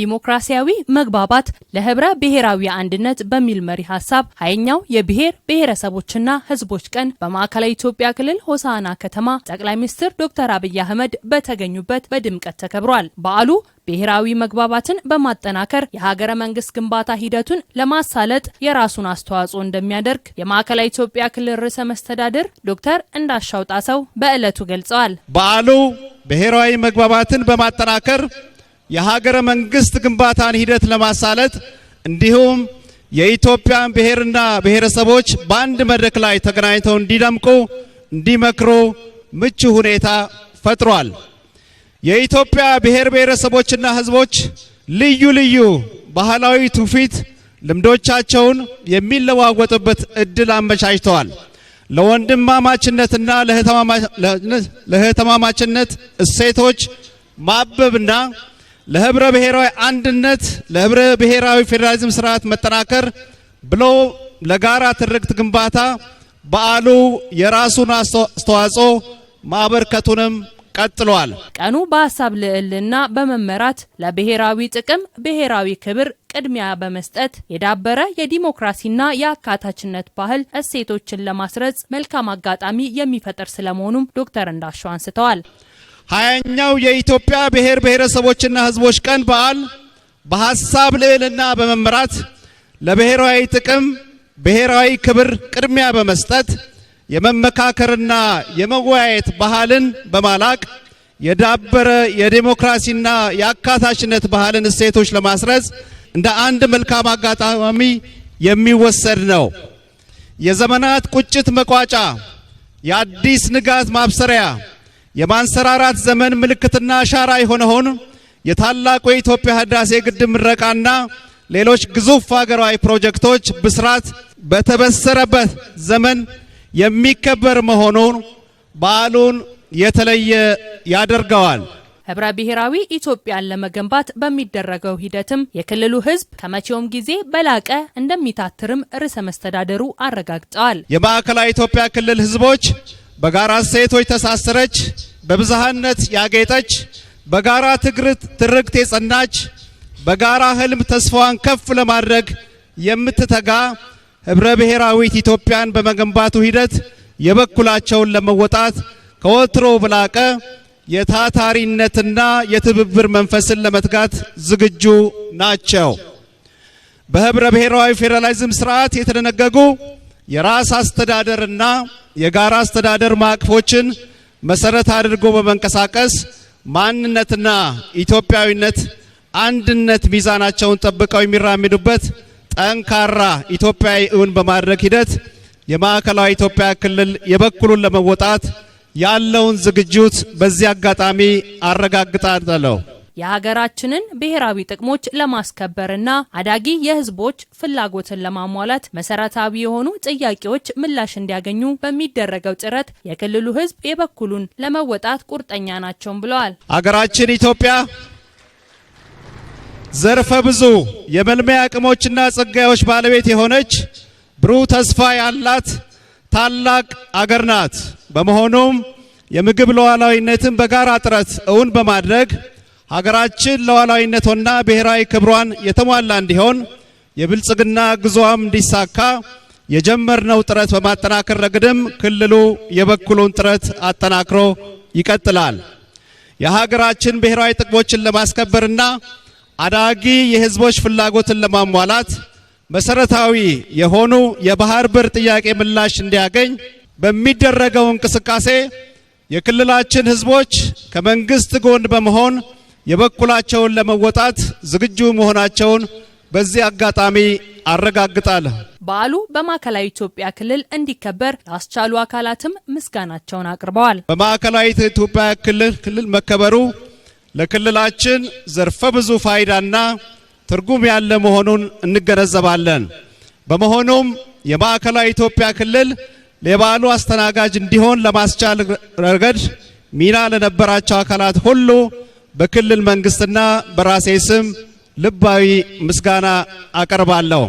ዲሞክራሲያዊ መግባባት ለህብረ ብሔራዊ አንድነት በሚል መሪ ሀሳብ ሀያኛው የብሔር ብሔረሰቦችና ህዝቦች ቀን በማዕከላዊ ኢትዮጵያ ክልል ሆሳና ከተማ ጠቅላይ ሚኒስትር ዶክተር አብይ አህመድ በተገኙበት በድምቀት ተከብሯል። በዓሉ ብሔራዊ መግባባትን በማጠናከር የሀገረ መንግስት ግንባታ ሂደቱን ለማሳለጥ የራሱን አስተዋጽኦ እንደሚያደርግ የማዕከላዊ ኢትዮጵያ ክልል ርዕሰ መስተዳድር ዶክተር እንዳሻው ጣሰው በዕለቱ ገልጸዋል። በዓሉ ብሔራዊ መግባባትን በማጠናከር የሀገረ መንግስት ግንባታን ሂደት ለማሳለጥ እንዲሁም የኢትዮጵያን ብሔርና ብሔረሰቦች በአንድ መድረክ ላይ ተገናኝተው እንዲደምቁ እንዲመክሩ ምቹ ሁኔታ ፈጥሯል። የኢትዮጵያ ብሔር ብሔረሰቦችና ህዝቦች ልዩ ልዩ ባህላዊ ትውፊት ልምዶቻቸውን የሚለዋወጡበት እድል አመቻችተዋል። ለወንድማማችነትና ለእህትማማችነት እሴቶች ማበብና ለህብረ ብሔራዊ አንድነት፣ ለህብረ ብሔራዊ ፌዴራሊዝም ስርዓት መጠናከር ብሎ ለጋራ ትርክት ግንባታ በዓሉ የራሱን አስተዋጽኦ ማበርከቱንም ቀጥሏል። ቀኑ በሀሳብ ልዕልና በመመራት ለብሔራዊ ጥቅም ብሔራዊ ክብር ቅድሚያ በመስጠት የዳበረ የዲሞክራሲና የአካታችነት ባህል እሴቶችን ለማስረጽ መልካም አጋጣሚ የሚፈጥር ስለመሆኑም ዶክተር እንዳሻው አንስተዋል። ሀያኛው የኢትዮጵያ ብሔር ብሔረሰቦችና ሕዝቦች ቀን በዓል በሀሳብ ልዕልና በመምራት ለብሔራዊ ጥቅም ብሔራዊ ክብር ቅድሚያ በመስጠት የመመካከርና የመወያየት ባህልን በማላቅ የዳበረ የዴሞክራሲና የአካታችነት ባህልን እሴቶች ለማስረጽ እንደ አንድ መልካም አጋጣሚ የሚወሰድ ነው። የዘመናት ቁጭት መቋጫ፣ የአዲስ ንጋት ማብሰሪያ የማንሰራራት ዘመን ምልክትና አሻራ የሆነውን የታላቁ የኢትዮጵያ ህዳሴ ግድብ ምረቃና ሌሎች ግዙፍ ሀገራዊ ፕሮጀክቶች ብስራት በተበሰረበት ዘመን የሚከበር መሆኑን በዓሉን የተለየ ያደርገዋል። ህብረ ብሔራዊ ኢትዮጵያን ለመገንባት በሚደረገው ሂደትም የክልሉ ህዝብ ከመቼውም ጊዜ በላቀ እንደሚታትርም ርዕሰ መስተዳደሩ አረጋግጠዋል። የማዕከላዊ ኢትዮጵያ ክልል ህዝቦች በጋራ ሴቶች ተሳስረች በብዝሃነት ያጌጠች፣ በጋራ ትርክት የጸናች፣ በጋራ ህልም ተስፋዋን ከፍ ለማድረግ የምትተጋ ህብረ ብሔራዊት ኢትዮጵያን በመገንባቱ ሂደት የበኩላቸውን ለመወጣት ከወትሮ ብላቀ የታታሪነትና የትብብር መንፈስን ለመትጋት ዝግጁ ናቸው። በህብረ ብሔራዊ ፌዴራሊዝም ስርዓት የተደነገጉ የራስ አስተዳደርና የጋራ አስተዳደር ማዕቀፎችን መሰረት አድርጎ በመንቀሳቀስ ማንነትና ኢትዮጵያዊነት አንድነት ሚዛናቸውን ጠብቀው የሚራምዱበት ጠንካራ ኢትዮጵያዊ እውን በማድረግ ሂደት የማዕከላዊ ኢትዮጵያ ክልል የበኩሉን ለመወጣት ያለውን ዝግጅት በዚህ አጋጣሚ አረጋግጣለሁ። የሀገራችንን ብሔራዊ ጥቅሞች ለማስከበርና አዳጊ የህዝቦች ፍላጎትን ለማሟላት መሰረታዊ የሆኑ ጥያቄዎች ምላሽ እንዲያገኙ በሚደረገው ጥረት የክልሉ ህዝብ የበኩሉን ለመወጣት ቁርጠኛ ናቸውም ብለዋል። አገራችን ኢትዮጵያ ዘርፈ ብዙ የመልሚያ አቅሞችና ጸጋዎች ባለቤት የሆነች ብሩህ ተስፋ ያላት ታላቅ አገር ናት። በመሆኑም የምግብ ሉዓላዊነትን በጋራ ጥረት እውን በማድረግ ሀገራችን ለዋላዊነቷና ብሔራዊ ክብሯን የተሟላ እንዲሆን የብልጽግና ጉዞዋም እንዲሳካ የጀመርነው ጥረት በማጠናከር ረገድም ክልሉ የበኩሉን ጥረት አጠናክሮ ይቀጥላል። የሀገራችን ብሔራዊ ጥቅሞችን ለማስከበርና አዳጊ የህዝቦች ፍላጎትን ለማሟላት መሰረታዊ የሆኑ የባህር በር ጥያቄ ምላሽ እንዲያገኝ በሚደረገው እንቅስቃሴ የክልላችን ህዝቦች ከመንግስት ጎን በመሆን የበኩላቸውን ለመወጣት ዝግጁ መሆናቸውን በዚህ አጋጣሚ አረጋግጣለሁ። በዓሉ በማዕከላዊ ኢትዮጵያ ክልል እንዲከበር ያስቻሉ አካላትም ምስጋናቸውን አቅርበዋል። በማዕከላዊ ኢትዮጵያ ክልል ክልል መከበሩ ለክልላችን ዘርፈ ብዙ ፋይዳና ትርጉም ያለ መሆኑን እንገነዘባለን። በመሆኑም የማዕከላዊ ኢትዮጵያ ክልል ለበዓሉ አስተናጋጅ እንዲሆን ለማስቻል ረገድ ሚና ለነበራቸው አካላት ሁሉ በክልል መንግስትና በራሴ ስም ልባዊ ምስጋና አቀርባለሁ።